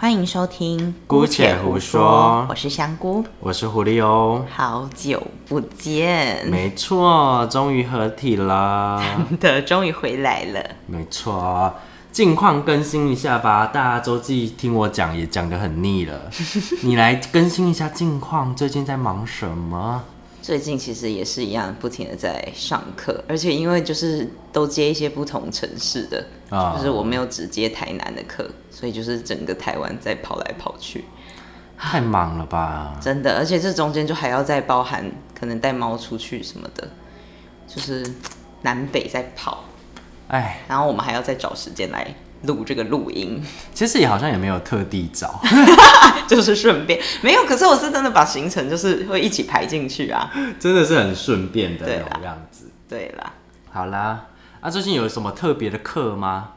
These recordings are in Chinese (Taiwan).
歡迎收聽《姑且胡說》胡說，我是香菇，我是狐狸哦，好久不見，沒錯，終於合體了，真的，終於回來了，沒錯，近況更新一下吧，大家周記聽我講也講得很膩了， 你來更新一下近況，最近在忙什麼？最近其實也是一樣，不停的在上課，而且因為就是都接一些不同城市的，Oh. 就是我沒有只接台南的課，所以就是整個台灣在跑來跑去，太忙了吧？ 真的，而且這中間就還要再包含可能帶貓出去什麼的，就是南北在跑，哎，然後我們還要再找時間來。錄這個錄音，其實也好像也沒有特地找 ，就是順便沒有。可是我是真的把行程就是會一起排進去啊， 真的是很順便的那種樣子。對啦，好啦，啊，最近有什麼特別的課嗎？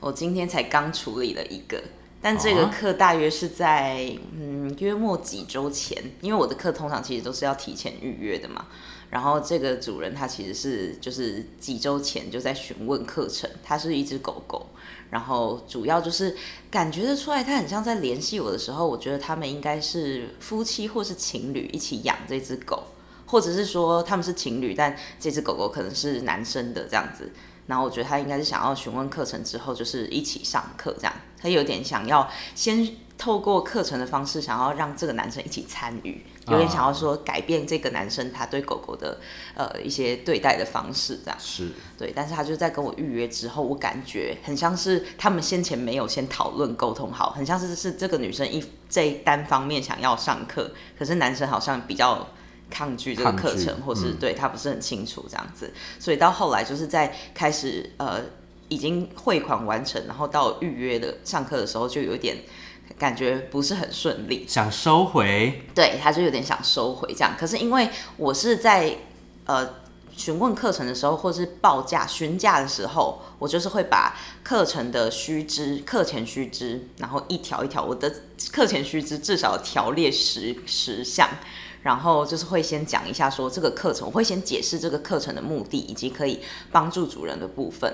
我今天才剛處理了一個，但這個課大約是在、哦啊、嗯約莫幾周前，因為我的課通常其實都是要提前預約的嘛。然後這個主人他其實是就是幾周前就在詢問課程，他是一只狗狗。然後主要就是感覺得出來，他很像在聯繫我的時候，我覺得他們應該是夫妻或是情侶一起養這隻狗，或者是說他們是情侶，但這隻狗狗可能是男生的這樣子。然後我覺得他應該是想要詢問課程之後，就是一起上課這樣。他有點想要先透過課程的方式，想要讓這個男生一起參與。有點想要說改變這個男生他對狗狗的、啊、呃一些對待的方式，這樣是對。但是他就在跟我預約之後，我感覺很像是他們先前沒有先討論溝通好，很像是這是這個女生一這一單方面想要上課，可是男生好像比較抗拒這個課程，或是、嗯、對他不是很清楚這樣子。所以到後來就是在開始呃已經匯款完成，然後到預約的上課的時候就有點。感覺不是很順利，想收回，對，他就有點想收回這樣。可是因為我是在呃詢問課程的時候，或是報價詢價的時候，我就是會把課程的須知、課前須知，然後一條一條，我的課前須知至少條列十十項，然後就是會先講一下說這個課程，我會先解釋這個課程的目的以及可以幫助主人的部分。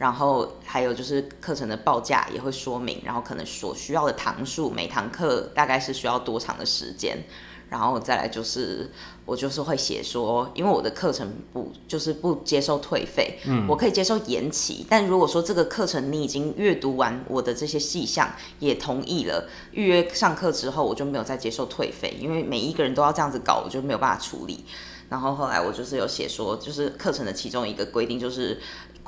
然後還有就是課程的報價也會說明，然後可能所需要的堂數，每堂課大概是需要多長的時間。然後再來就是我就是會寫說，因為我的課程不就是不接受退費，嗯，我可以接受延期。但如果說這個課程你已經閱讀完我的這些細項，也同意了預約上課之後，我就沒有再接受退費，因為每一個人都要這樣子搞，我就沒有辦法處理。然後後來我就是有寫說，就是課程的其中一個規定就是。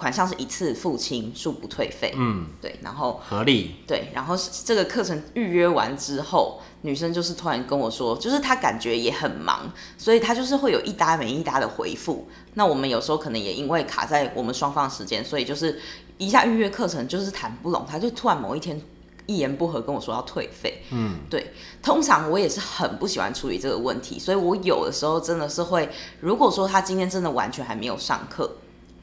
款項是一次付清，恕不退費。嗯，對。然後合理。對，然後這個課程預約完之後，女生就是突然跟我說，就是她感覺也很忙，所以她就是會有一搭沒一搭的回復。那我們有時候可能也因為卡在我們雙方時間，所以就是一下預約課程就是談不攏，她就突然某一天一言不合跟我說要退費。嗯，對。通常我也是很不喜歡處理這個問題，所以我有的時候真的是會，如果說她今天真的完全還沒有上課。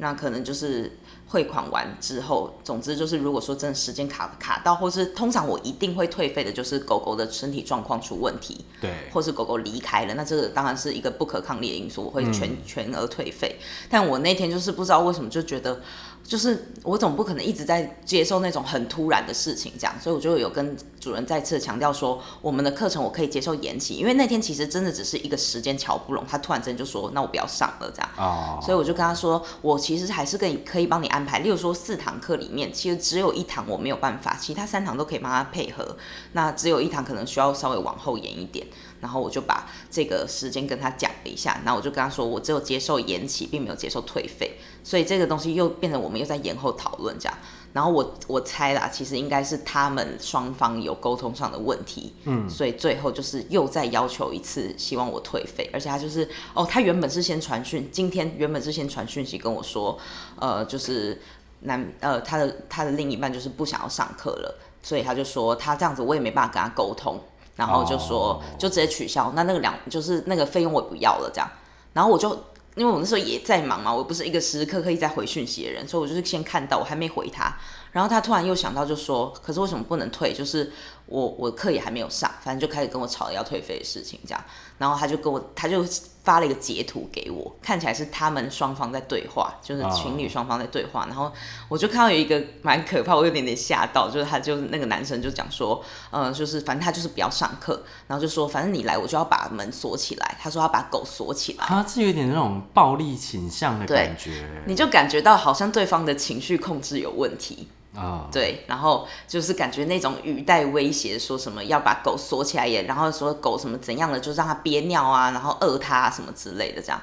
那可能就是匯款完之後，總之就是，如果說真的時間卡卡到，或是通常我一定會退費的，就是狗狗的身體狀況出問題，對，或是狗狗離開了，那這個當然是一個不可抗力的因素，我會全、嗯、全額退費。但我那天就是不知道為什麼就覺得。就是我總不可能一直在接受那種很突然的事情，這樣，所以我就有跟主任再次強調說，我們的課程我可以接受延期，因為那天其實真的只是一個時間喬不攏，他突然間就說那我不要上了這樣，所以我就跟他說，我其實還是可以可以幫你安排，例如說四堂課裡面，其實只有一堂我沒有辦法，其他三堂都可以幫他配合，那只有一堂可能需要稍微往後延一點，然後我就把這個時間跟他講了一下，然後我就跟他說，我只有接受延期，並沒有接受退費，所以這個東西又變成我們。又在延後討論這樣，然後我我猜啦，其實應該是他們雙方有溝通上的問題，嗯，所以最後就是又再要求一次，希望我退費，而且他就是哦，他原本是先傳訊，今天原本是先傳訊息跟我說，呃，就是男呃他的他的另一半就是不想要上課了，所以他就說他這樣子我也沒辦法跟他溝通，然後就說、哦、就直接取消，那那個兩就是那個費用我也不要了這樣，然後我就。因為我那時候也在忙嘛，我不是一個時時刻刻一在回訊息的人，所以我就是先看到，我還沒回他，然後他突然又想到就說，可是為什麼不能退？就是我我課也還沒有上，反正就開始跟我吵了要退費的事情這樣，然後他就跟我他就。發了一個截圖給我，看起來是他們雙方在對話，就是情侶雙方在對話。哦。然後我就看到有一個蠻可怕，我有點點嚇到，就是他就那個男生就講說，嗯，就是反正他就是不要上課，然後就說反正你來我就要把門鎖起來，他說要把狗鎖起來，他是有點那種暴力傾向的感覺，你就感覺到好像對方的情緒控制有問題。嗯、對，然後就是感覺那種語帶威脅，說什麼要把狗鎖起來也，然後說狗什麼怎樣的就讓它憋尿啊，然後餓它、啊、什麼之類的這樣，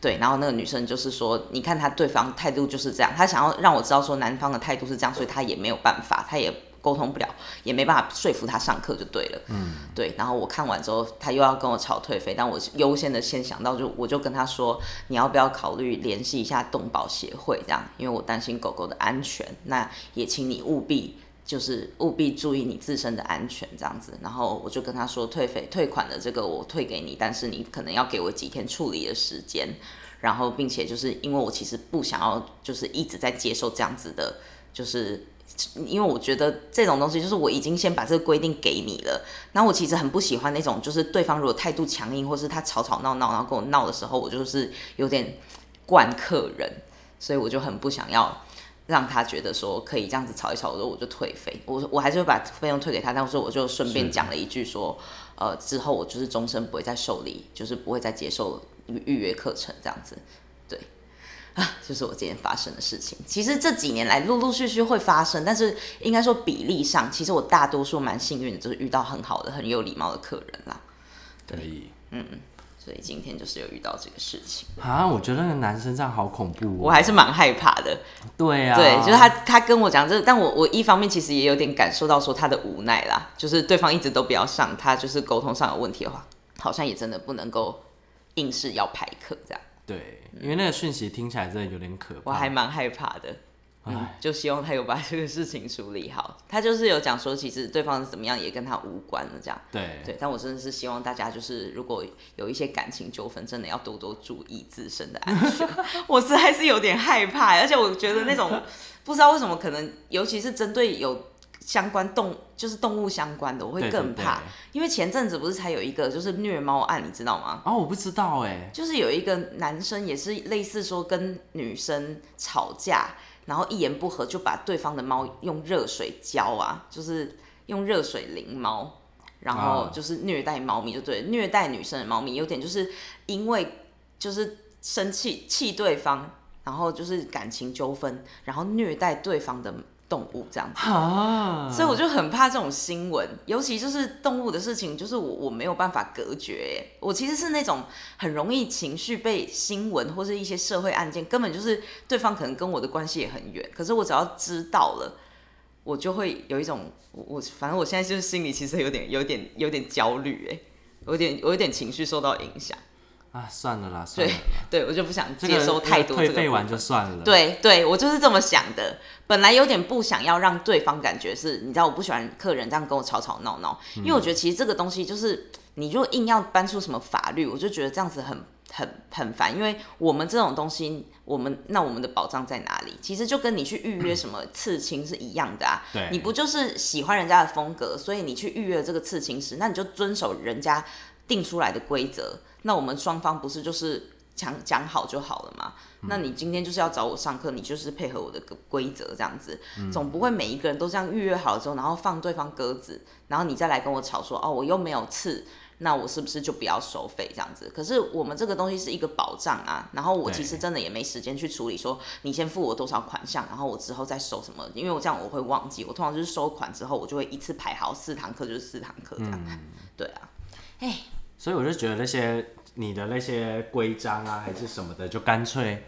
對，然後那個女生就是說，你看他對方態度就是這樣，他想要讓我知道說男方的態度是這樣，所以他也沒有辦法，他也。溝通不了，也沒辦法說服他上課就對了。嗯，對。然後我看完之後，他又要跟我吵退費，但我優先的先想到就，就我就跟他說，你要不要考慮聯繫一下動保協會，這樣，因為我擔心狗狗的安全。那也請你務必，就是務必注意你自身的安全這樣子。然後我就跟他說，退費退款的這個我退給你，但是你可能要給我幾天處理的時間。然後，並且就是因為我其實不想要，就是一直在接受這樣子的，就是。因為我覺得這種東西就是我已經先把這個規定給你了，那我其實很不喜歡那種就是對方如果態度強硬，或是他吵吵鬧鬧，然後跟我鬧的時候，我就是有點慣客人，所以我就很不想要讓他覺得說可以這樣子吵一吵，我說我就退費，我我還是會把費用退給他，但是我就順便講了一句說，呃，之後我就是終身不會再受理，就是不會再接受預約課程這樣子。 就是我今天發生的事情。其實這幾年來陸陸續續會發生，但是應該說比例上，其實我大多數蠻幸運的，就是遇到很好的、很有禮貌的客人啦。對，對。嗯，所以今天就是有遇到這個事情啊。我覺得那個男生這樣好恐怖哦，我還是蠻害怕的。對啊，對，就是他他跟我講，就是但我我一方面其實也有點感受到說他的無奈啦，就是對方一直都不要上，他就是溝通上有問題的話，好像也真的不能夠硬是要排課這樣。對，因為那個訊息聽起來真的有點可怕，我還蠻害怕的，嗯。就希望他有把這個事情處理好。他就是有講說，其實對方是怎麼樣也跟他無關的這樣。對對，但我真的是希望大家，就是如果有一些感情糾紛，真的要多多注意自身的安全。 我實在是有點害怕，而且我覺得那種不知道為什麼，可能尤其是針對有。相關動就是動物相關的，我會更怕，對對對，因為前陣子不是才有一個就是虐貓案，你知道嗎？啊、哦，我不知道哎，就是有一個男生也是類似說跟女生吵架，然後一言不合就把對方的貓用熱水澆啊，就是用熱水淋貓，然後就是虐待貓咪，就對虐待女生的貓咪，有點就是因為就是生氣氣對方，然後就是感情糾紛，然後虐待對方的。動物這樣子，oh. 所以我就很怕這種新聞，尤其就是動物的事情，就是我我沒有辦法隔絕耶。我其實是那種很容易情緒被新聞或是一些社會案件，根本就是對方可能跟我的關係也很遠，可是我只要知道了，我就會有一種我，我反正我現在就是心裡其實有點、有點、有點焦慮耶，有點、有點情緒受到影響。啊，算了啦，算了。對，對我就不想接收太多這個。這個、退費完就算了。對，對我就是這麼想的。本來有點不想要讓對方感覺是，你知道我不喜歡客人這樣跟我吵吵鬧鬧、嗯，因為我覺得其實這個東西就是，你就硬要搬出什麼法律，我就覺得這樣子很很很煩。因為我們這種東西，我們那我們的保障在哪裡？其實就跟你去預約什麼刺青、嗯、是一樣的啊。對，你不就是喜歡人家的風格，所以你去預約這個刺青師，那你就遵守人家定出來的規則。那我們雙方不是就是講講好就好了嘛、嗯？那你今天就是要找我上課，你就是配合我的規則這樣子、嗯，總不會每一個人都這樣預約好了之後，然後放對方鴿子，然後你再來跟我吵說哦，我又沒有刺，那我是不是就不要收費這樣子？可是我們這個東西是一個保障啊，然後我其實真的也沒時間去處理，說你先付我多少款項，然後我之後再收什麼，因為我這樣我會忘記，我通常就是收款之後，我就會一次排好四堂課，就是四堂課這樣、嗯、對啊，哎。所以我就覺得那些你的那些規章啊，還是什麼的，就乾脆，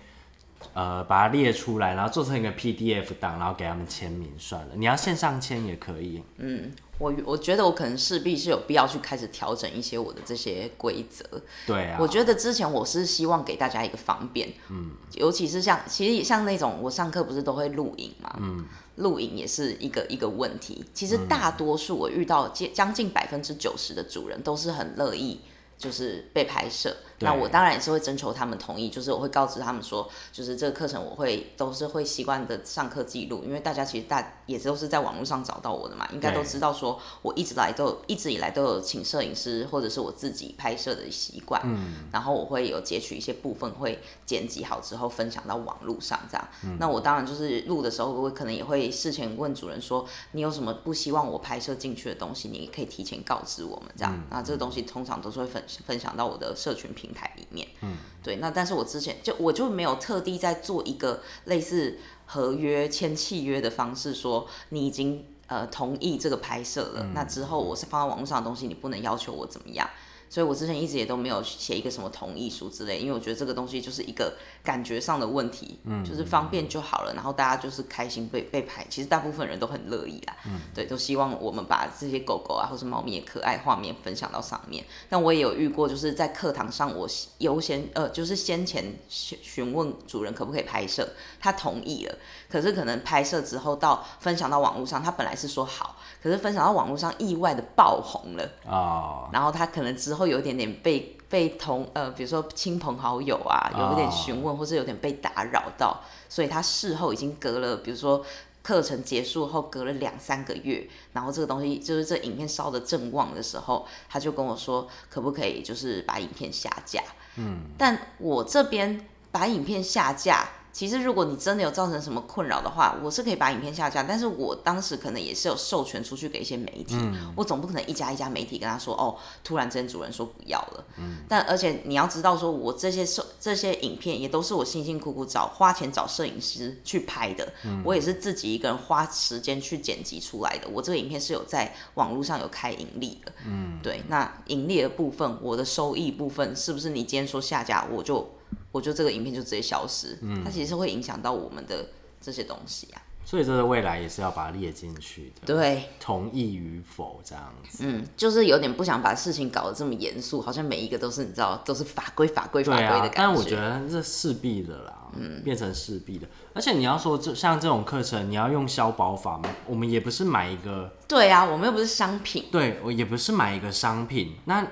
呃，把它列出來，然後做成一個 PDF 檔，然後給他們簽名算了。你要線上簽也可以。嗯，我我覺得我可能勢必是有必要去開始調整一些我的這些規則。對啊。我覺得之前我是希望給大家一個方便，嗯，尤其是像其實像那種我上課不是都會錄影嘛，嗯，錄影也是一個一個問題。其實大多數我遇到接將近百分之九十的主人都是很樂意，就是被拍攝。那我當然也是會徵求他們同意，就是我會告知他們說，就是這個課程我會都是會習慣的上課記錄，因為大家其實大也都是在網絡上找到我的嘛，應該都知道說我一直來都有一直以來都有請攝影師或者是我自己拍攝的習慣，嗯，然後我會有截取一些部分會剪輯好之後分享到網絡上這樣，嗯，那我當然就是錄的時候我可能也會事前問主人說，你有什麼不希望我拍攝進去的東西，你也可以提前告知我們這樣，嗯，那這個東西通常都是會分享分享到我的社群平台裡面，嗯，對，那但是我之前就我就沒有特地在做一個類似合約簽契約的方式說，說你已經呃同意這個拍攝了，嗯，那之後我是放在網絡上的東西，你不能要求我怎麼樣。所以，我之前一直也都沒有寫一個什麼同意書之類，因為我覺得這個東西就是一個感覺上的問題，嗯，就是方便就好了，然後大家就是開心被被拍，其實大部分人都很樂意啊，嗯，對，都希望我們把這些狗狗啊或者貓咪的可愛畫面分享到上面。但我也有遇過，就是在課堂上我，我優先呃，就是先前詢問主人可不可以拍攝，他同意了，可是可能拍攝之後到分享到網絡上，他本來是說好，可是分享到網絡上意外的爆紅了哦，然後他可能之後。後有點點被被同呃，比如說親朋好友啊，有點詢問，oh. 或者有點被打擾到，所以他事後已經隔了，比如說課程結束後隔了兩三個月，然後這個東西就是這影片燒得正旺的時候，他就跟我說可不可以就是把影片下架？嗯、mm.，但我這邊把影片下架。其實，如果你真的有造成什麼困擾的話，我是可以把影片下架。但是我當時可能也是有授權出去給一些媒體，嗯、我總不可能一家一家媒體跟他說，哦，突然之間主人說不要了。嗯、但而且你要知道，說我這些攝這些影片也都是我辛辛苦苦找花錢找攝影師去拍的，嗯，我也是自己一個人花時間去剪輯出來的。我這個影片是有在網絡上有開盈利的。嗯。對，那盈利的部分，我的收益部分，是不是你今天說下架我就？我覺得這個影片就直接消失，嗯、它其實是會影響到我們的這些東西、啊、所以這個未來也是要把它列進去的。對，同意與否這樣子。嗯，就是有點不想把事情搞得這麼嚴肅，好像每一個都是你知道，都是法規法規法規的感覺。啊、但是我覺得這勢必的啦、嗯，變成勢必的。而且你要說這像這種課程，你要用消保法嗎？我們也不是買一個。對啊，我們又不是商品。對，我也不是買一個商品。那。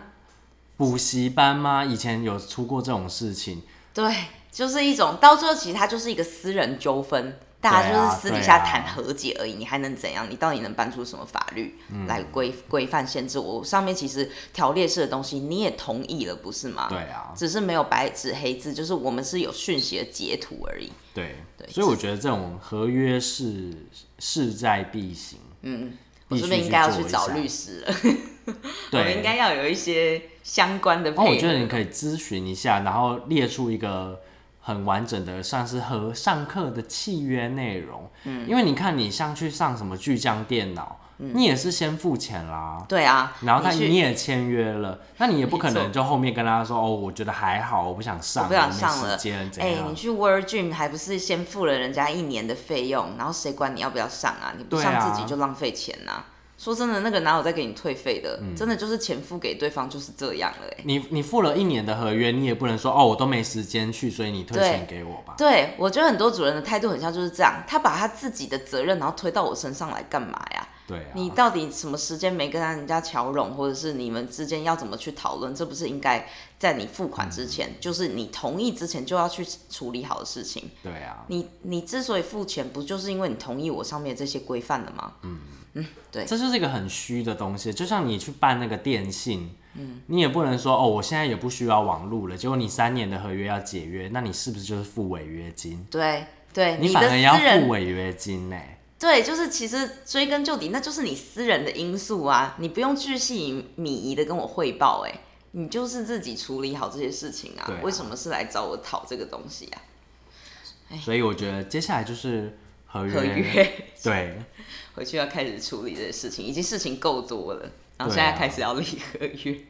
補習班嗎？以前有出過這種事情。對，就是一種到最後，其實它就是一個私人糾紛，大家就是私底下談和解而已，啊啊。你還能怎樣？你到底能搬出什麼法律來規規範限制？我上面其實條列式的東西你也同意了，不是嗎？對啊，只是沒有白紙黑字，就是我們是有訊息的截圖而已。對對，所以我覺得這種合約是勢在必行。嗯。是不是應該要去找律師了？ 對，應該要有一些相關的。那我覺得你可以諮詢一下，然後列出一個很完整的，算是和上課的契約內容。嗯，因為你看，你像去上什麼巨匠電腦。嗯、你也是先付錢啦，對啊，然後他你也簽約了，那你也不可能就後面跟他說哦，我覺得還好，我不想上，啊，我不想上了，哎，欸，你去 World Gym 還不是先付了人家一年的費用，然後誰管你要不要上啊？你不上自己就浪費錢吶，啊啊。說真的，那個哪有再給你退費的，嗯，真的就是錢付給對方就是這樣了。欸。你你付了一年的合約，你也不能說哦，我都沒時間去，所以你退錢給我吧。對，對我覺得很多主人的態度很像就是這樣，他把他自己的責任然後推到我身上來幹嘛呀？對啊、你到底什麼時間沒跟人家喬融，或者是你們之間要怎麼去討論？這不是應該在你付款之前，嗯、就是你同意之前就要去處理好的事情。對啊，你你之所以付錢，不就是因為你同意我上面這些規範了嗎？嗯嗯，對，這就是一個很虛的東西。就像你去辦那個電信，嗯，你也不能說哦，我現在也不需要網絡了。結果你三年的合約要解約，那你是不是就是付違約金？對對，你反而要付違約金呢。對，就是其實追根究底，那就是你私人的因素啊，你不用巨細靡遺的跟我匯報。欸，哎，你就是自己處理好這些事情啊，啊。為什麼是來找我討這個東西啊？所以我覺得接下來就是合約。合約。對。回去要開始處理這些事情，已經事情夠多了，然後現在開始要立合約，啊，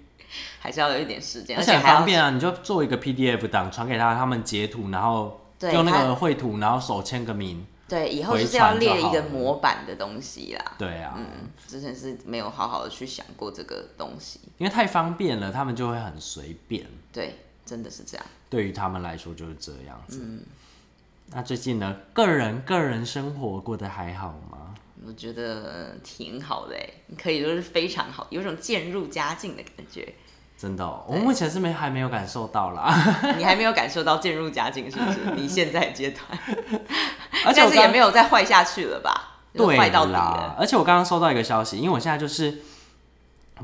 還是要有一點時間。而且很方便啊，你就做一個 PDF 檔傳給他，他們截圖，然後用那個繪圖，然後手簽個名。對，以後就是要列一個模板的東西啦了。對啊，嗯，之前是沒有好好的去想過這個東西，因為太方便了，他們就會很隨便。對，真的是這樣。對於他們來說就是這樣子。嗯。那最近呢，個人個人生活過得還好嗎？我覺得挺好的，可以說是非常好，有種漸入佳境的感覺。真的哦，我目前是沒還沒有感受到啦， 你還沒有感受到漸入佳境，是不是？ 你現在階段。 而且也沒有再壞下去了吧？對，壞到底了。而且我剛剛、就是、收到一個消息，因為我現在就是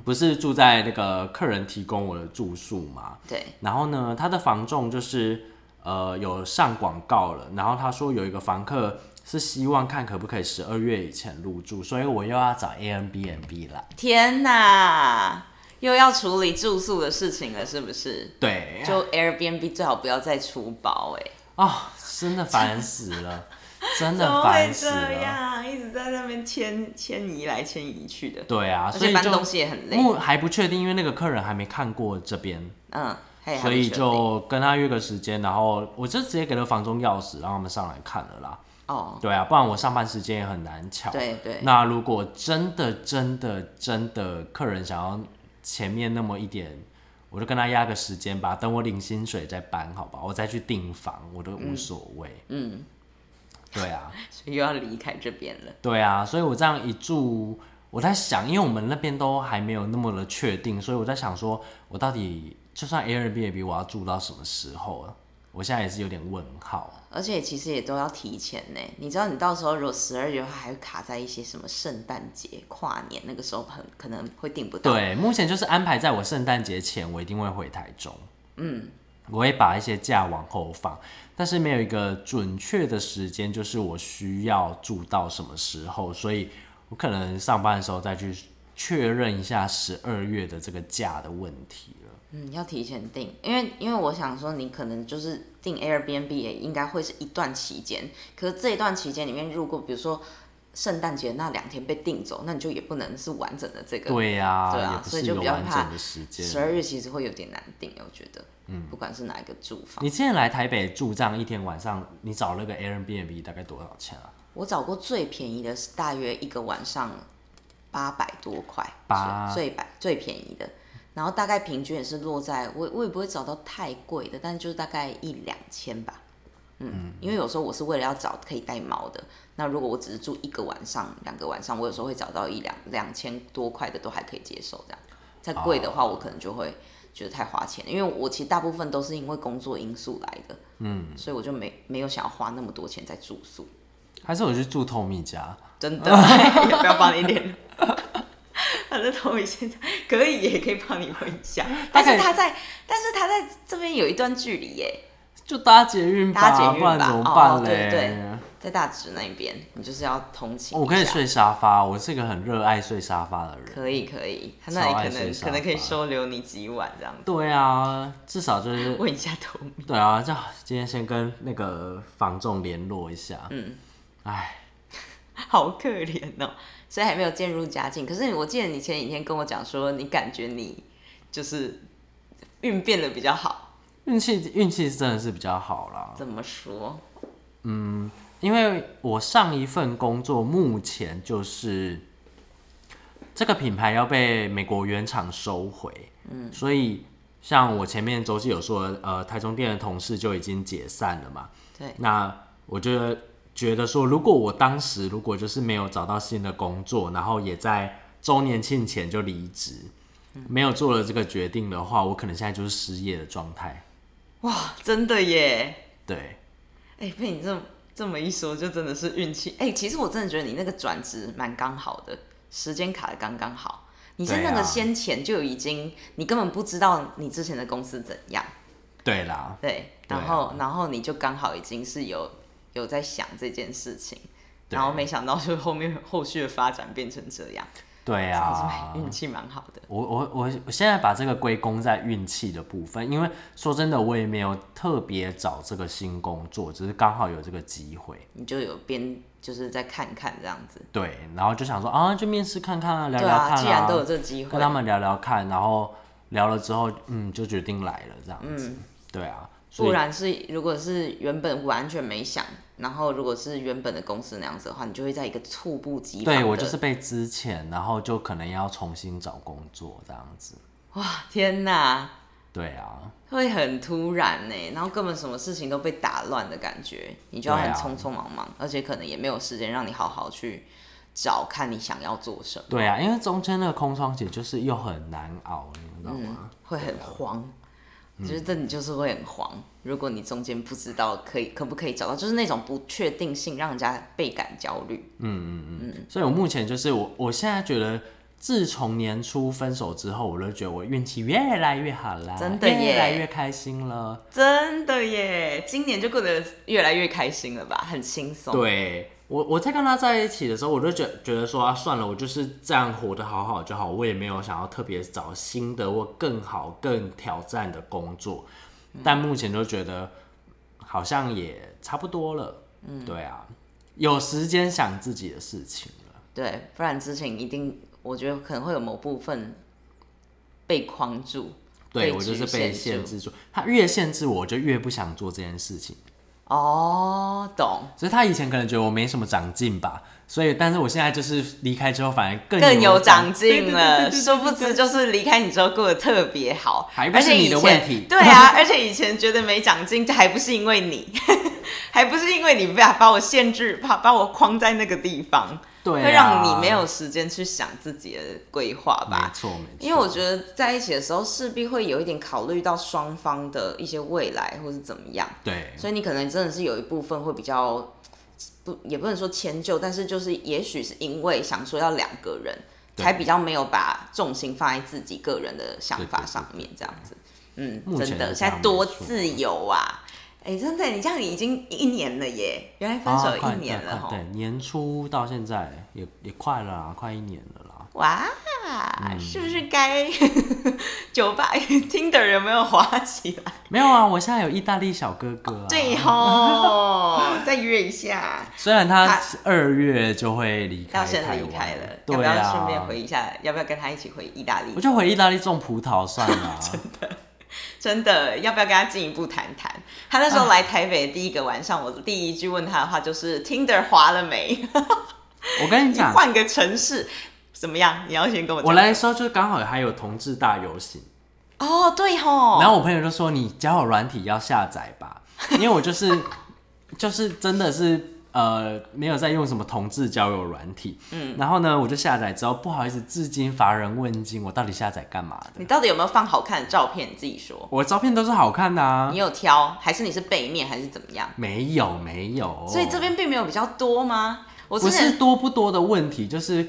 不是住在那個客人提供我的住宿嘛？對。然後呢，他的房仲就是呃有上廣告了。然後他說有一個房客是希望看可不可以十二月以前入住，所以我又要找 Airbnb 啦。天哪，又要處理住宿的事情了，是不是？對、啊。就 Airbnb 最好不要再出包哎、欸。哦，真的煩死了。 真的煩死了，怎麼會這樣，一直在那邊遷遷移來遷移去的。對啊，所以搬東西也很累。不，還不確定，因為那個客人還沒看過這邊，嗯嘿，所以就跟他約個時間、嗯，然後我就直接給了房中鑰匙，讓他們上來看了啦。哦，對啊，不然我上班時間也很難喬。對對。那如果真的真的真的客人想要前面那麼一點，我就跟他約個時間吧，等我領薪水再搬，好吧，我再去訂房，我都無所謂。嗯。嗯對啊， 所以又要離開這邊了。對啊，所以我這樣一住，我在想，因為我們那邊都還沒有那麼的確定，所以我在想說，說我到底就算 Airbnb 我要住到什麼時候啊？我現在也是有點問號。而且其實也都要提前呢，你知道，你到時候如果十二月的話，還會卡在一些什麼聖誕節、跨年那個時候，很可能會訂不到。對，目前就是安排在我聖誕節前，我一定會回台中。嗯。我會把一些假往後放，但是沒有一個準確的時間，就是我需要住到什麼時候，所以我可能上班的時候再去確認一下十二月的這個假的問題了。嗯，要提前訂，因為因為我想說，你可能就是訂 Airbnb 應該會是一段期間，可是這一段期間裡面，如果比如說。聖誕節那兩天被訂走，那你就也不能是完整的這個。對呀、啊，對啊，所以就比較怕十二日其實會有點難訂，我覺得，嗯，不管是哪一個住房。你現在來台北住帳一天晚上，你找了個 Airbnb 大概多少錢啊？我找過最便宜的是大約一個晚上八百多塊，八最百最便宜的，然後大概平均也是落在我我也不會找到太貴的，但是就大概一兩千吧。嗯，因為有時候我是為了要找可以帶毛的、嗯。那如果我只是住一個晚上、兩個晚上，我有時候會找到一兩兩千多塊的都還可以接受。這樣，再貴的話，我可能就會覺得太花錢、哦。因為我其實大部分都是因為工作因素來的，嗯，所以我就沒沒有想要花那麼多錢在住宿。還是我去住透米家？真的？要不要幫你點？反正透米現在可以也可以幫你問一下，但是他在， 但是他在這邊有一段距離耶。就搭捷運吧，吧，不然怎麼辦？哦、對，對。在大直那邊，你就是要通勤。我可以睡沙發，我是一個很熱愛睡沙發的人。可以可以，他那裡可能可能可以收留你幾晚這樣子。對啊，至少就是 問一下同。對啊，就今天先跟那個房仲聯絡一下。嗯，哎， 好可憐哦，所以還沒有漸入佳境。可是我記得你前幾天跟我講說，你感覺你就是運變得比較好。運氣運氣真的是比較好了。怎麼說？嗯，因為我上一份工作目前就是這個品牌要被美國原廠收回，嗯，所以像我前面周記有說，呃，台中店的同事就已經解散了嘛。對。那我覺得覺得說，如果我當時如果就是沒有找到新的工作，然後也在周年慶前就離職，嗯，沒有做了這個決定的話，我可能現在就是失業的狀態。哇，真的耶！對，哎、欸，被你這麼這麼一說，就真的是運氣。哎、欸，其實我真的覺得你那個轉職蠻剛好的，時間卡得剛剛好。你是那個先前就已經、啊，你根本不知道你之前的公司怎樣。對啦，對，然後、啊、然後你就剛好已經是有有在想這件事情，然後沒想到就是後面後續的發展變成這樣。對啊，運氣蠻好的。我我我我現在把這個歸功在運氣的部分，因為說真的，我也沒有特別找這個新工作，只、就是剛好有這個機會，你就有邊就是在看看這樣子。對，然後就想說啊，就面試看看啊，聊聊看啊，對啊，既然都有這機會，跟他們聊聊看，然後聊了之後，嗯，就決定來了這樣子。嗯、對啊。不然是，如果是原本完全沒想，然後如果是原本的公司那樣子的話，你就會在一個猝不及防。對，我就是被資遣，然後就可能要重新找工作這樣子。哇，天哪！對啊，會很突然呢。然後根本什麼事情都被打亂的感覺，你就要很匆匆忙忙，啊、而且可能也沒有時間讓你好好去找，看你想要做什麼。對啊，因為中間那個空窗期就是又很難熬，你知道嗎？嗯、會很慌。就是這，你就是會很慌，如果你中間不知道可以，可以，可不可以找到，就是那種不確定性，讓人家倍感焦慮。嗯嗯嗯嗯。所以我目前就是我，我現在覺得自從年初分手之後，我都覺得我運氣越來越好啦，真的耶，越來越開心了，真的耶。今年就過得越來越開心了吧，很輕鬆。對。我我在跟他在一起的時候，我就覺覺得說，啊算了，我就是這樣活得好好就好，我也沒有想要特別找新的或更好、更挑戰的工作，但目前就覺得好像也差不多了。嗯，對啊，有時間想自己的事情了。對，不然之前一定我覺得可能會有某部分被框住，對，我就是被限制住。他越限制我，我就越不想做這件事情。哦、oh，懂。所以他以前可能覺得我沒什麼長進吧。所以，但是我現在就是離開之後，反而更有，更有長進了。殊不知，就是離開你之後過得特別好， 而且以前還不是你的問題 對啊，而且以前覺得沒長進，還不是因為你， 還不是因為你把把我限制，把把我框在那個地方，對啊，會讓你沒有時間去想自己的規劃吧？沒錯，沒錯。因為我覺得在一起的時候，勢必會有一點考慮到雙方的一些未來，或是怎麼樣。對，所以你可能真的是有一部分會比較。不，也不能說遷就，但是就是，也許是因為想說要兩個人，才比較沒有把重心放在自己個人的想法上面，這樣子。對對對對，嗯，真的，現在多自由啊！哎、欸，真的，你這樣已經一年了耶，原來分手一年了，啊，對，對，年初到現在也也快了，快一年了啦。哇，是不是該、嗯、 酒吧 Tinder 有沒有滑起來？沒有啊，我現在有意大利小哥哥、啊哦。對哦， 再約一下。雖然他二月就會離開，但是他離開了、啊，要不要順便回一下、啊？要不要跟他一起回意大利？我就回意大利種葡萄算了、啊， 真的，真的，要不要跟他進一步談談？他那時候來台北的第一個晚上，我第一句問他的話就是 Tinder 滑了沒？ 我跟你講，換個城市。怎麼樣？你要先跟我講。我來的時候就剛好還有同志大遊行。Oh, 哦，對吼。然後我朋友就說：“你交友軟體要下載吧，因為我就是 就是真的是呃沒有在用什麼同志交友軟體。”嗯。然後呢，我就下載之後，不好意思，至今乏人問津。我到底下載幹嘛的？你到底有沒有放好看的照片？你自己說。我照片都是好看的啊。你有挑，還是你是背面，還是怎麼樣？沒有，沒有。所以這邊並沒有比較多嗎我？我是多不多的問題，就是。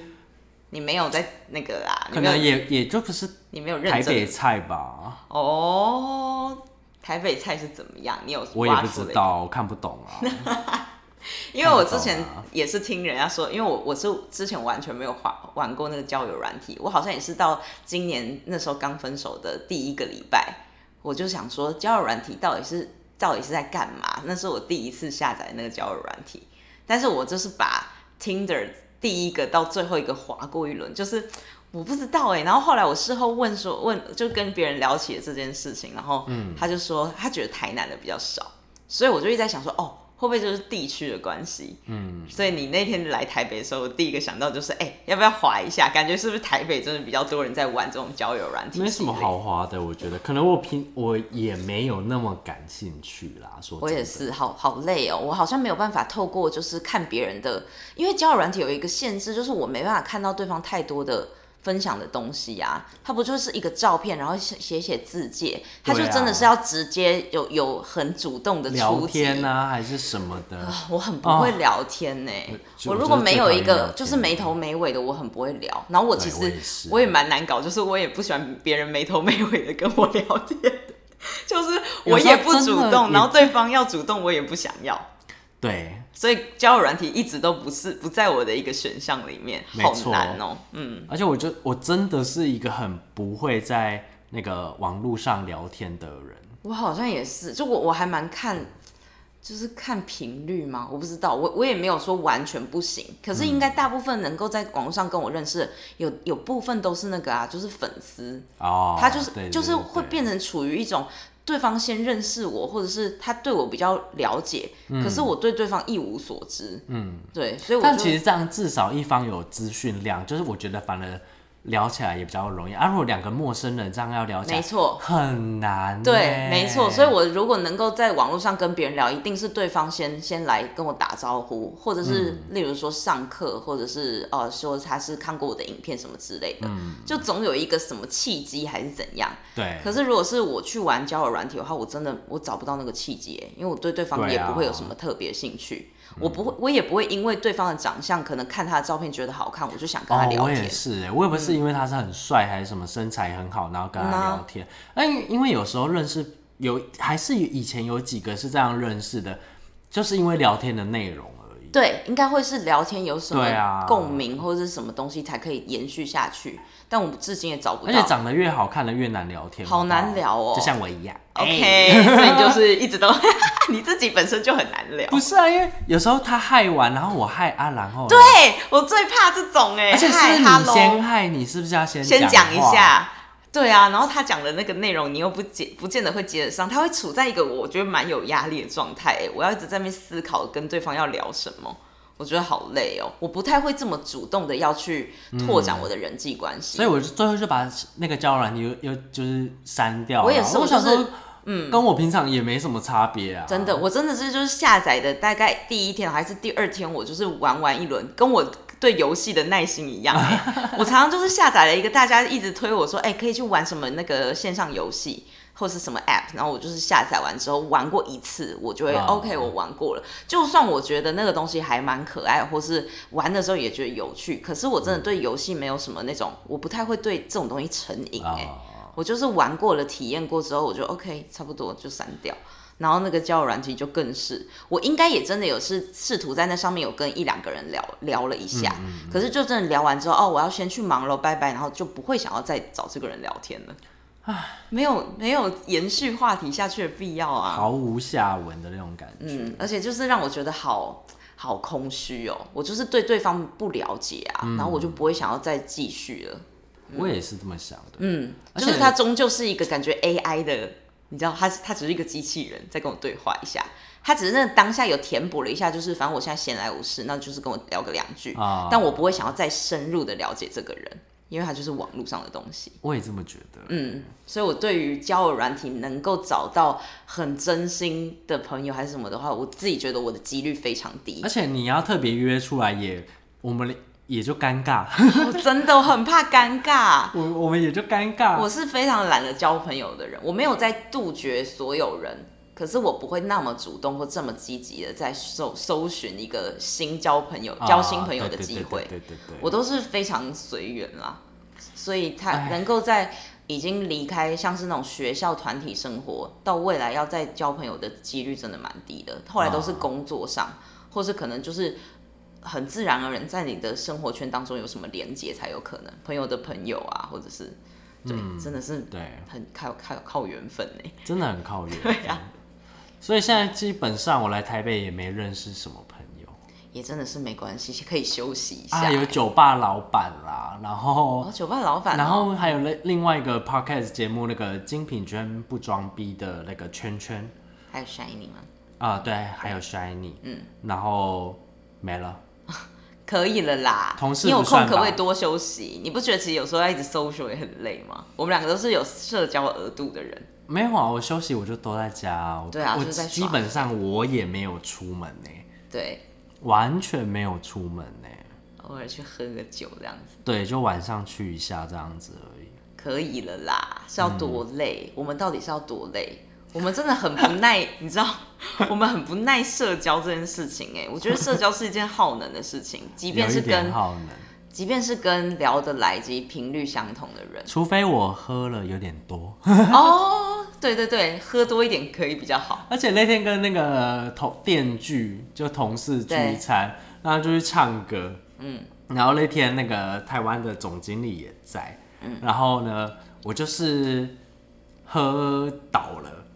你沒有在那個啊？可能也也就不是你沒有認真台北菜吧？哦，台北菜是怎麼樣？你有什麼？我也不知道，我看不懂啊。 因為我之前也是聽人家說，因為我我是之前完全沒有玩玩過那個交友軟體，我好像也是到今年那時候剛分手的第一個禮拜，我就想說交友軟體到底是到底是在幹嘛？那是我第一次下載那個交友軟體，但是我就是把 Tinder。第一個到最後一個滑過一輪，就是我不知道哎、欸。然後後來我事後問說，問就跟別人聊起這件事情，然後嗯，他就說他覺得台南的比較少，所以我就一直在想說哦。會不會就是地區的關係？嗯，所以你那天來台北的時候，我第一個想到就是，哎，要不要滑一下？感覺是不是台北真的比較多人在玩這種交友軟體？沒什麼好滑的，我覺得可能我平我也沒有那麼感興趣啦。說真的，我也是，好好累哦，我好像沒有辦法透過就是看別人的，因為交友軟體有一個限制，就是我沒辦法看到對方太多的。分享的東西呀、啊，他不就是一個照片，然後寫寫字，借他就真的是要直接有有很主動的聊天啊，還是什麼的？呃、我很不會聊天呢、欸哦哦，我如果沒有一個就是沒頭沒尾的，我很不會聊。然後我其實我也蠻難搞，就是我也不喜歡別人沒頭沒尾的跟我聊天， 就是我也不主動，然後對方要主動，我也不想要。對，所以交友軟體一直都不是不在我的一個選項裡面，好難哦、喔。嗯，而且我就我真的是一個很不會在那個網絡上聊天的人。我好像也是，就我我還蠻看，就是看頻率嘛，我不知道，我我也沒有說完全不行，可是，應該大部分能夠在網絡上跟我認識的、嗯，有有部分都是那個啊，就是粉絲哦，他就是，對對對對對，就是會變成處於一種。對方先認識我，或者是他對我比較了解，嗯，可是我對對方一無所知。嗯，對，所以我覺得其實這樣至少一方有資訊量，就是我覺得反而。聊起來也比較容易，而、啊、如果兩個陌生人這樣要聊起來，沒錯，很難、欸。對，沒錯。所以，我如果能夠在網絡上跟別人聊，一定是對方先先來跟我打招呼，或者是、嗯、例如說上課，或者是呃說他是看過我的影片什麼之類的，嗯、就總有一個什麼契機還是怎樣。對。可是如果是我去玩交友軟體的話，我真的我找不到那個契機、欸，因為我對對方也不會有什麼特別興趣。我不會，我也不會因為對方的長相，可能看他的照片覺得好看，我就想跟他聊天。哦、我也是、欸，我也不是因為他是很帥、嗯、還是什麼身材很好，然後跟他聊天。哎、欸，因為有時候認識有，還是以前有幾個是這樣認識的，就是因為聊天的內容。對，應該會是聊天有什麼共鳴或者是什麼東西才可以延續下去、啊，但我至今也找不到。而且長得越好看的越難聊天，好難聊哦，就像我一樣。OK， 所以就是一直都 你自己本身就很難聊。不是啊，因為有時候他害完，然後我害阿、啊、蘭，然後對我最怕這種哎、欸，害他是，是你先害 Hi,，你是不是要先講先講一下？對啊，然後他講的那個內容你又不接，不見得會接得上，他會處在一個我覺得蠻有壓力的狀態、欸。我要一直在那邊思考跟對方要聊什麼，我覺得好累哦、喔。我不太會這麼主動的要去拓展我的人際關係、嗯，所以我就最後就把那個交友又又就是刪掉了。我也是，我想說，嗯，跟我平常也沒什麼差別啊、嗯。真的，我真的是就是下載的大概第一天還是第二天，我就是玩玩一輪，跟我對遊戲的耐心一樣、欸， 我常常就是下載了一個，大家一直推我說，哎、欸，可以去玩什麼那個線上遊戲或是什麼 app，然後我就是下載完之後玩過一次，我就會、啊、OK，我玩過了、嗯。就算我覺得那個東西還蠻可愛，或是玩的時候也覺得有趣，可是我真的對遊戲沒有什麼那種，嗯、我不太會對這種東西成癮哎、欸啊，我就是玩過了、體驗過之後，我就 OK，差不多就刪掉。然後那個交友軟體就更是，我應該也真的有試試圖在那上面有跟一兩個人聊聊了一下、嗯嗯，可是就真的聊完之後，哦，我要先去忙嘍，拜拜，然後就不會想要再找這個人聊天了，啊、沒有沒有延續話題下去的必要啊，毫無下文的那種感覺，嗯，而且就是讓我覺得好好空虛哦，我就是對對方不了解啊、嗯，然後我就不會想要再繼續了，我也是這麼想的，嗯，就是它終究是一個感覺 AI 的。你知道，他他只是一個機器人，在跟我對話一下。他只是那當下有填補了一下，就是反正我現在閒來無事，那就是跟我聊個兩句，哦。但我不會想要再深入的了解這個人，因為他就是網絡上的東西。我也這麼覺得。嗯，所以，我對於交友軟體能夠找到很真心的朋友還是什麼的話，我自己覺得我的幾率非常低。而且你要特別約出來也，我們。也就尷尬， 我真的我很怕尷尬。 我我們也就尷尬。我是非常懶得交朋友的人，我沒有在杜絕所有人，可是我不會那麼主動或這麼積極的在搜搜尋一個新交朋友、交新朋友的機會。啊，對對對對對對對。我都是非常隨緣啦，所以他能夠在已經離開像是那種學校團體生活，到未來要再交朋友的幾率真的蠻低的。後來都是工作上，啊，或是可能就是。很自然而然，在你的生活圈當中有什麼連接才有可能？朋友的朋友啊，或者是，對，嗯、真的是對，很靠靠靠緣分呢，真的很靠緣分， 對啊，所以現在基本上我來台北也沒認識什麼朋友，嗯、也真的是沒關係，可以休息一下。啊、有酒吧老板啦，然後、哦、酒吧老板、哦，然後還有另另外一個 podcast 節目那個精品圈不裝逼的那個圈圈，還有 shiny 嗎？啊，對，還有 shiny，嗯，然後沒了。可以了啦同事，你有空可不可以多休息？你不覺得其實有時候要一直 social 也很累嗎？我們兩個都是有社交額度的人。沒有啊，我休息我就都在家、啊對啊，我基本上我也沒有出門呢、欸。對，完全沒有出門呢、欸，偶爾去喝個酒這樣子。對，就晚上去一下這樣子而已。可以了啦，是要多累？嗯、我們到底是要多累？ 我們真的很不耐，你知道，我們很不耐社交這件事情，欸。哎，我覺得社交是一件耗能的事情，即便是跟 耗能，即便是跟聊得來及頻率相同的人，除非我喝了有點多 哦，對對對，喝多一點可以比較好。而且那天跟那個同電鋸就同事聚餐，然後就去唱歌，嗯，然後那天那個台灣的總經理也在，嗯，然後呢，我就是喝倒了。嗯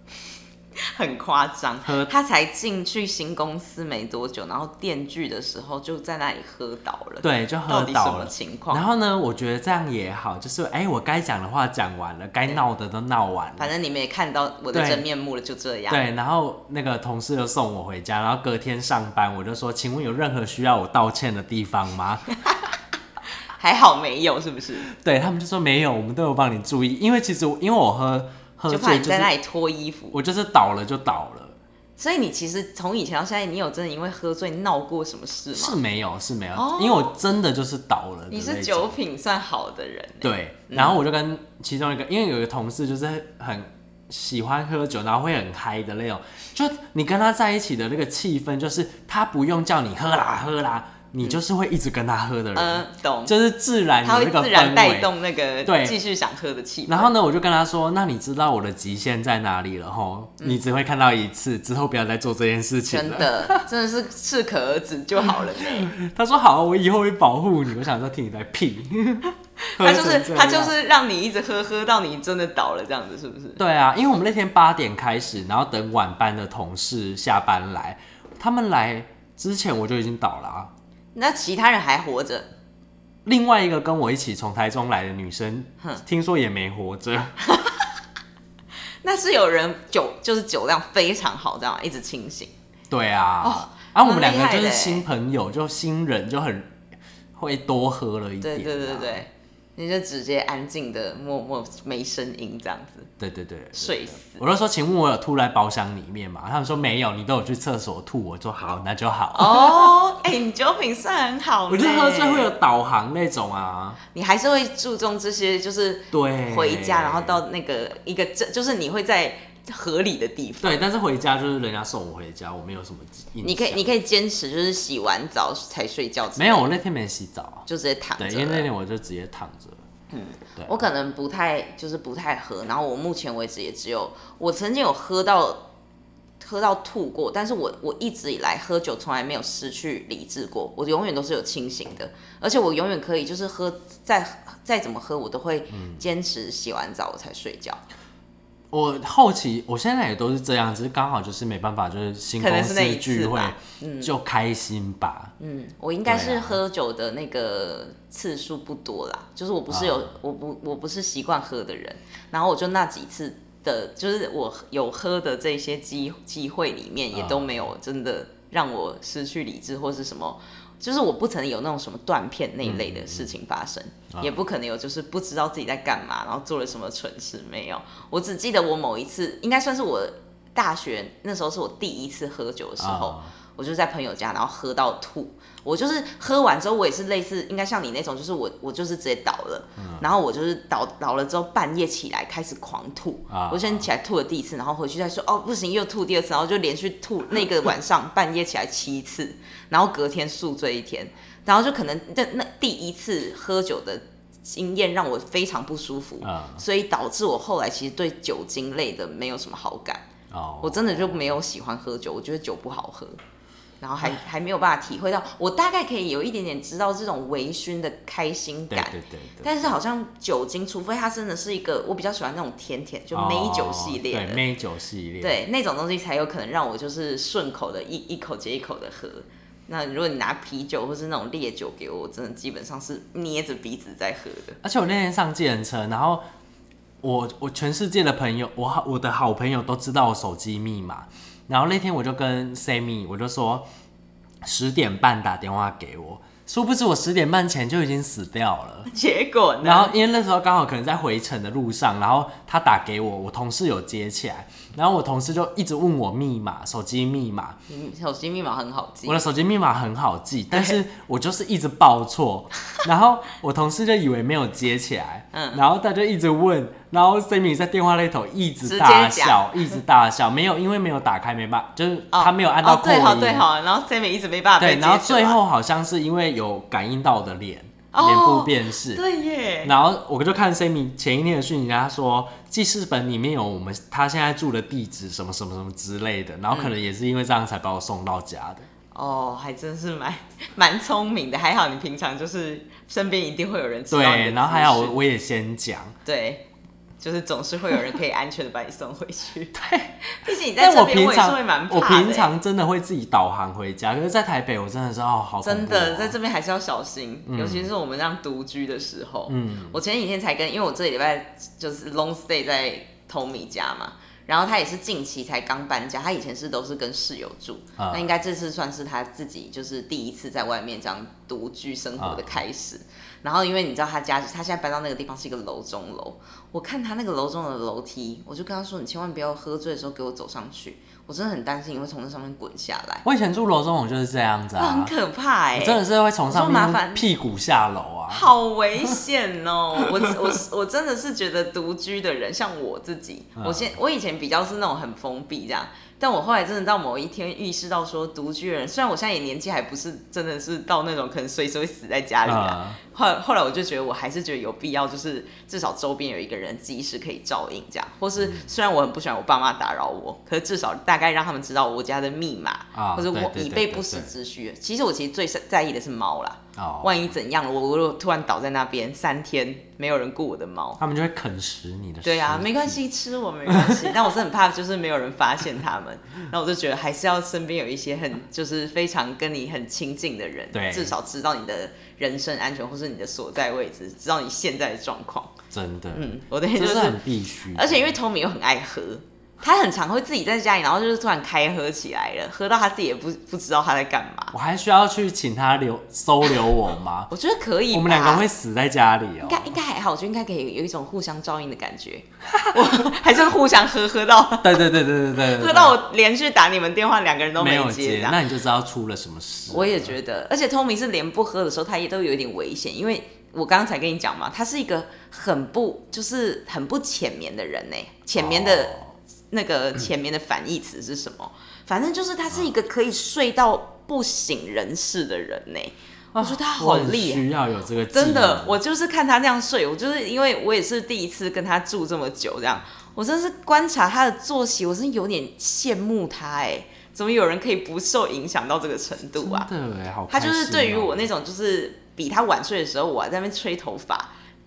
很誇張，他才進去新公司沒多久，然後電鋸的時候就在那裡喝倒了。對，就喝倒了。到底什麼情況？然後呢？我覺得這樣也好，就是哎、欸，我該講的話講完了，該鬧的都鬧完了。反正你們也看到我的真面目了，就這樣。對，然後那個同事就送我回家，然後隔天上班我就說：“請問有任何需要我道歉的地方嗎？” 還好沒有，是不是？對，他們就說沒有，我們都有幫你注意。因為其實因為我喝。就怕你在那裡脫衣服，我就是倒了就倒了。所以你其實從以前到現在，你有真的因為喝醉鬧過什麼事嗎？是沒有，是沒有，oh, 因為我真的就是倒了。你是酒品算好的人。對，然後我就跟其中一個，因為有一個同事就是很喜歡喝酒，然後會很嗨的那種，就你跟他在一起的那個氣氛，就是他不用叫你喝啦喝啦。你就是會一直跟他喝的人，嗯、懂，就是自然，他會自然帶動那個對繼續想喝的氣氛。然後呢，我就跟他說：“那你知道我的極限在哪裡了吼、嗯？你只會看到一次，之後不要再做這件事情了。”真的，真的是適可而止 就好了。他說：“好，我以後會保護你。”我想說，聽你在屁， 他就是 他就是讓你一直喝，喝，喝到你真的倒了，這樣子是不是？對啊，因為我們那天八點開始，然後等晚班的同事下班來，他們來之前我就已經倒了、啊。那其他人還活着？另外一個跟我一起從台中來的女生，哼，聽說也沒活着。 那是有人酒，就是酒量非常好，這樣一直清醒。對啊，oh, 啊、嗯，我們兩個就是新朋友，就新人就很會多喝了一點、啊，對對對對。你就直接安靜的默默沒聲音這樣子，對對對，睡死對對對。我都說，請問我有吐在包廂裡面嗎？他們說沒有，你都有去廁所吐。我說好，嗯，那就好。哦，哎，你酒品算很好。我就喝醉會有導航那種啊。你還是會注重這些，就是對回家，然後到那個一個，就是你會在，合理的地方。對，但是回家就是人家送我回家，我沒有什麼。你可以，你可以堅持，就是洗完澡才睡覺。沒有，我那天沒洗澡就直接躺着。對，因為那天我就直接躺着。嗯，對。我可能不太，就是不太喝。然後我目前為止也只有，我曾經有喝到喝到吐過，但是我我一直以來喝酒從來沒有失去理智過，我永遠都是有清醒的，而且我永遠可以就是喝再再怎麼喝，我都會堅持洗完澡我才睡覺。嗯我後期，我現在也都是這樣，只是剛好就是沒辦法，就是新公司聚會就開心吧。嗯，就開心吧。嗯，我應該是喝酒的那個次數不多啦，啊，就是我不是有我不我不是習慣喝的人，嗯，然後我就那幾次的，就是我有喝的這些機機會裡面也都沒有真的讓我失去理智或是什麼。就是我不曾有那種什麼斷片那一類的事情發生，嗯嗯，也不可能有，就是不知道自己在幹嘛，然後做了什麼蠢事，沒有。我只記得我某一次，應該算是我大學那時候是我第一次喝酒的時候。嗯我就是在朋友家，然後喝到吐。我就是喝完之後，我也是類似，應該像你那種，就是我我就是直接倒了。嗯、然後我就是倒倒了之後，半夜起來開始狂吐，啊。我先起來吐了第一次，然後回去再說，哦不行，又吐第二次，然後就連續吐。那個晚上 半夜起來七次，然後隔天宿醉一天，然後就可能那那第一次喝酒的經驗讓我非常不舒服，嗯，所以導致我後來其實對酒精類的沒有什麼好感。哦，我真的就沒有喜歡喝酒，我覺得酒不好喝。然後還還沒有辦法體會到，我大概可以有一點點知道這種微醺的開心感，對對對對對，但是好像酒精，除非它真的是一個我比較喜歡那種甜甜就，梅酒系列的梅酒，哦哦哦，系列，對，那種東西才有可能讓我就是順口的一一口接一口的喝。那如果你拿啤酒或是那種烈酒給我，我真的基本上是捏着鼻子在喝的。而且我那天上計程車，然後我我全世界的朋友，我我的好朋友都知道我手機密碼，然後那天我就跟 Sammy，我就說十點半打電話給我，殊不知我十點半前就已經死掉了。結果呢，然後因為那時候剛好可能在回程的路上，然後。他打給我，我同事有接起來，然後我同事就一直問我密碼，手機密碼，手機密碼很好記，我的手機密碼很好記，但是我就是一直報錯， 然後我同事就以為沒有接起來，嗯，然後他就一直問，然後 Sammy 在電話那頭一直大笑，一直大笑， 沒有，因為沒有打開，沒辦法，就是他沒有按到、哦哦。對好，對好，然後 Sammy 一直沒辦法對，然後最後好像是因為有感應到我的臉。嗯嗯臉部辨識、哦，對耶。然後我就看 Sammy 前一天的訊息，他說記事本裡面有我們他現在住的地址，什麼什麼什麼之類的。然後可能也是因為這樣才把我送到家的。嗯、哦，還真是蠻蠻聰明的。還好你平常就是身邊一定會有人。對，然後還好我我也先講。對。就是總是會有人可以安全的把你送回去。 對，畢竟你在這邊也是會蠻怕的。我平常真的會自己導航回家，可是，在台北我真的是哦好恐怖哦。真的在這邊還是要小心，嗯，尤其是我們這樣獨居的時候。嗯，我前幾天才跟，因為我這禮拜就是 long stay 在 Tommy 家嘛，然後他也是近期才剛搬家，他以前是都是跟室友住，嗯、那應該這次算是他自己就是第一次在外面這樣獨居生活的開始。嗯然後，因為你知道他家，他現在搬到那個地方是一個樓中樓。我看他那個樓中的樓梯，我就跟他說：“你千萬不要喝醉的時候給我走上去，我真的很擔心你會從那上面滾下來。”我以前住樓中，我就是這樣子啊，我很可怕哎，欸，真的是會從上面屁股下樓啊，好危險哦！我我我真的是覺得獨居的人 像我自己，我現我以前比較是那種很封閉這樣。但我後來真的到某一天意識到說獨居人，雖然我現在也年紀還不是真的是到那種可能隨時會死在家裡的，啊，uh. 後來後來我就覺得我還是覺得有必要，就是至少周邊有一個人即時可以照應這樣，或是雖然我很不喜歡我爸媽打擾我，可是至少大概讓他們知道我家的密碼，uh, 或者我以備不時之需，uh。其實我其實最在意的是貓啦。哦、oh.，萬一怎樣了？我如果突然倒在那邊，三天沒有人顧我的貓，他們就會啃食你的。對啊，沒關係，吃我沒關係。 但我是很怕，就是沒有人發現他們， 那我就覺得還是要身邊有一些很就是非常跟你很親近的人，對，至少知道你的人身安全或是你的所在位置，知道你現在的狀況。真的，嗯，我的就是、是很必須。而且因為透明又很愛喝。他很常會自己在家裡，然後就是突然開喝起來了，喝到他自己也不不知道他在幹嘛。我還需要去請他留收留我嗎？ 我覺得可以。我們兩個人會死在家裡哦、喔。應該應該還好，就應該可以有一種互相照應的感覺。 還是互相喝喝到。 對對對對對對，對。 喝到我連續打你們電話，兩個人都沒，接沒有接，那你就知道出了什麼事。我也覺得，而且 Tommy 是連不喝的時候，他也都有一點危險，因為我剛剛才跟你講嘛，他是一個很不就是很不淺眠的人呢，淺眠的、oh.。那個前面的反義詞是什麼，嗯？反正就是他是一個可以睡到不省人事的人呢，欸。我說他好厲害，真的。我就是看他那樣睡，我就是因為我也是第一次跟他住這麼久，這樣我真是觀察他的作息，我是有點羨慕他哎，欸，怎麼有人可以不受影響到這個程度啊？對，欸啊，他就是對於我那種就是比他晚睡的時候，我還在那邊吹頭髮。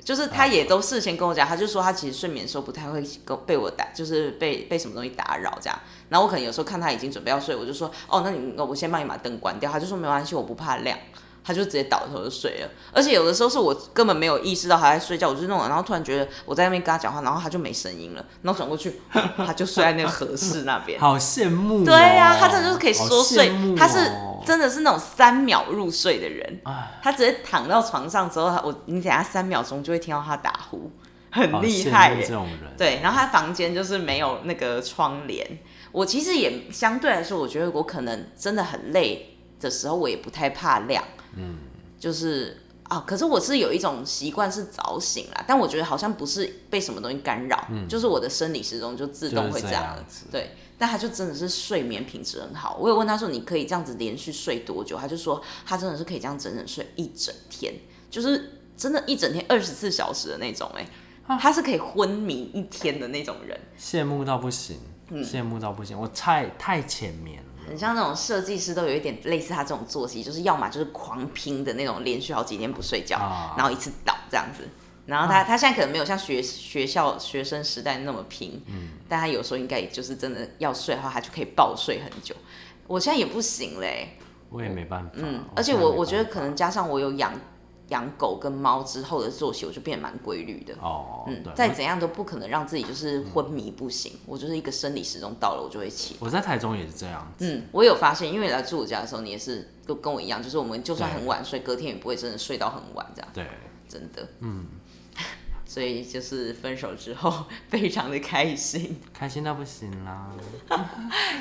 就是他也都事先跟我講，啊，他就說他其實睡眠的時候不太會被我打，就是被被什麼東西打擾這樣。然後我可能有時候看他已經準備要睡，我就說，哦，那你，我先幫你把燈關掉。他就說沒關係，我不怕亮。他就直接倒頭就睡了，而且有的時候是我根本沒有意識到他在睡覺，我就弄了，然後突然覺得我在那邊跟他講話，然後他就沒聲音了，然後轉過去 他就睡在那個和室那邊。好羨慕，哦。對呀，啊，他真的就是可以說睡，哦，他是真的是那種三秒入睡的人，他直接躺到床上之後，我你等下三秒鐘就會聽到他打呼，很厲害，欸。好羨慕這種人。對，然後他房間就是沒有那個窗簾，我其實也相對來說，我覺得我可能真的很累。的時候我也不太怕亮，嗯，就是啊，可是我是有一種習慣是早醒了，但我覺得好像不是被什麼東西干擾，嗯，就是我的生理時鐘就自動會這樣，就是、這樣子，對，但他就真的是睡眠品質很好。我有問他說你可以這樣子連續睡多久，他就說他真的是可以這樣整整睡一整天，就是真的，一整天二十四小時的那種、欸，哎、啊，他是可以昏迷一天的那種人，羨慕到不行，嗯，羨慕到不行，我太太淺眠了。很像那種設計師，都有一點類似他這種作息，就是要麼就是狂拼的那種，連續好幾天不睡覺，啊，然後一次倒這樣子。然後他，啊、他現在可能沒有像學學校學生時代那麼拼，嗯，但他有時候應該也就是真的要睡的話，他就可以爆睡很久。我現在也不行嘞，欸，我也沒辦法，嗯，我現在沒辦法，而且我我覺得可能加上我有養。養狗跟貓之後的作息，我就變得蠻規律的。哦、oh, 嗯，嗯，再怎樣都不可能讓自己就是昏迷不醒。嗯、我就是一個生理時鐘到了，我就會起。我在台中也是這樣。嗯，我有發現，因為來住我家的時候，你也是都跟我一樣，就是我們就算很晚睡，隔天也不會真的睡到很晚這樣。對，真的。嗯， 所以就是分手之後，非常的開心，開心到不行啦。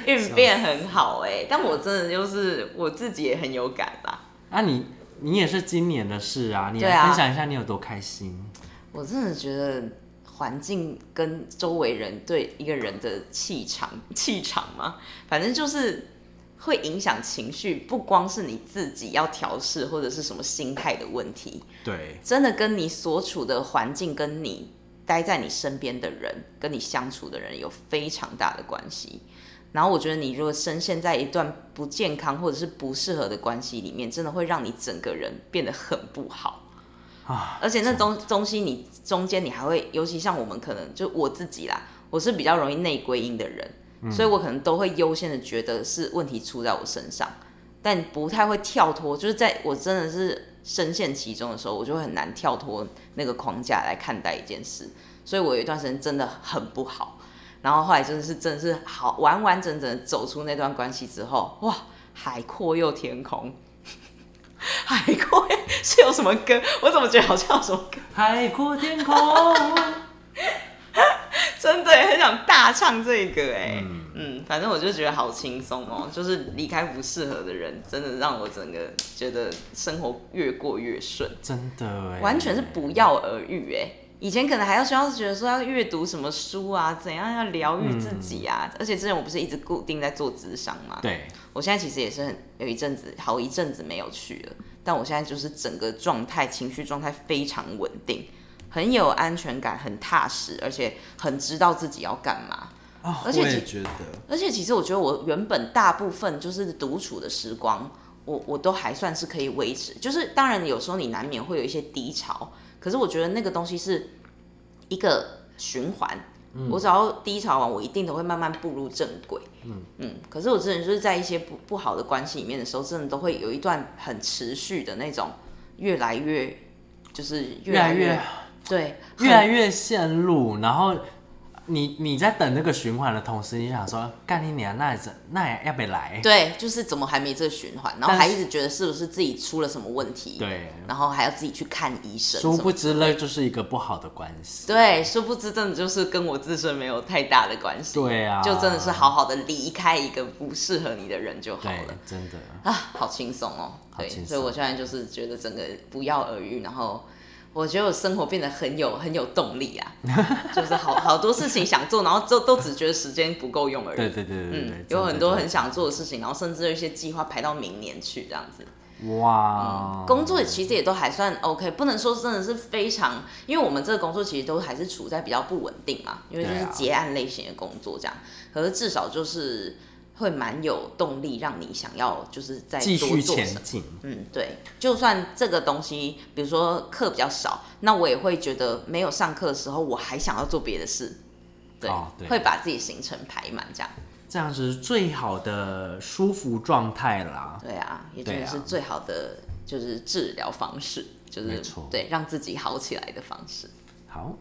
運 變很好哎、欸，但我真的就是我自己也很有感吧、啊。那、啊、你？你也是今年的事啊，你分享一下你有多開心。啊、我真的覺得環境跟周圍人對一個人的氣場，氣場嘛，反正就是會影響情緒，不光是你自己要調適，或者是什麼心態的問題。對，真的跟你所處的環境，跟你待在你身邊的人，跟你相處的人有非常大的關係。然後我覺得，你如果深陷在一段不健康，或者是不適合的關係裡面，真的會讓你整個人變得很不好啊。而且那東東西，中你中間你還會，尤其像我們可能就我自己啦，我是比較容易內歸因的人，嗯，所以我可能都會優先的覺得是問題出在我身上，但不太會跳脫。就是在我真的是深陷其中的時候，我就會很難跳脫那個框架來看待一件事，所以我有一段時間真的很不好。然後後來就是真的是好，真是好完完整整走出那段關係之後，哇，海闊又天空， 海闊是有什麼歌？我怎麼覺得好像有什麼歌？海闊天空， 真的很想大唱這一個哎，嗯，嗯，反正我就覺得好輕鬆哦，就是離開不適合的人，真的讓我整個覺得生活越過越順，真的，完全是不藥而愈哎。以前可能還要需要是覺得說要閱讀什麼書啊，怎樣要療癒自己啊。嗯，而且之前我不是一直固定在做諮商嘛，對，我現在其實也是很有一陣子，好一陣子沒有去了，但我現在就是整個狀態，情緒狀態非常穩定，很有安全感，很踏實，而且很知道自己要幹嘛。啊，而且我也覺得。而且其實我覺得我原本大部分就是獨處的時光，我我都還算是可以維持，就是當然有時候你難免會有一些低潮。可是我覺得那個東西是一個循環，嗯，我只要低潮完，我一定都會慢慢步入正軌。嗯，嗯，可是我真的就是在一些不不好的關係裡面的時候，真的都會有一段很持續的那種，越來越就是越來越，越來越，對，越來越陷入，然後。你你在等那個循環的同時，你想說幹你娘，那怎那要不要來？對，就是怎麼還沒這個循環，然後還一直覺得是不是自己出了什麼問題？對，然後還要自己去看醫生。殊不知呢，就是一個不好的關係。對，殊不知真的就是跟我自身沒有太大的關係。對啊，就真的是好好的離開一個不適合你的人就好了，真的啊，好輕鬆哦。對，所以我現在就是覺得整個不藥而癒，然後。我覺得我生活變得很有很有動力啊， 就是好好多事情想做，然後都都只覺得時間不夠用而已。 對對對，對，對嗯對對對，有很多很想做的事情，對對對，然後甚至有一些計劃排到明年去這樣子。哇，嗯、工作其實也都還算 OK，不能說真的是非常，因為我們這個工作其實都還是處在比較不穩定嘛，因為就是結案類型的工作這樣。啊、可是至少就是。會蠻有動力，讓你想要就是再繼續前進。嗯，對，就算這個東西，比如說課比較少，那我也會覺得沒有上課的時候，我還想要做別的事。對、哦。對，會把自己行程排滿，這樣這樣是最好的舒服狀態啦。對啊，也真的是最好的就是治療方式，就是對讓自己好起來的方式。好，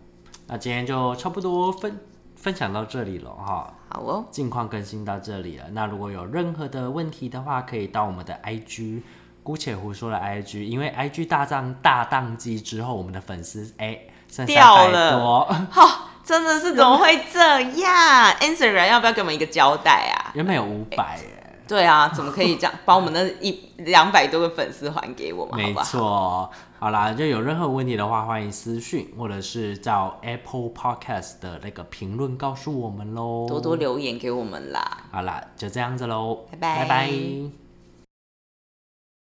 那今天就差不多分。分享到這裡了哈，好哦，近況更新到這裡了、哦。那如果有任何的問題的話，可以到我們的 IG，姑且胡說了 IG，因為 IG 大漲大淡季之後，我們的粉絲哎、欸，掉了 真的是怎麼會這樣 a、yeah. n s w e r e 要不要給我們一個交代啊？原本有五百哎，對啊，怎麼可以這樣 把我們的一兩百多個粉絲還給我們？好好沒錯。好啦，就有任何問題的話，歡迎私訊或者是在 Apple Podcast 的那個評論告訴我們嘍，多多留言給我們啦。好啦，就這樣子嘍，拜拜。Bye bye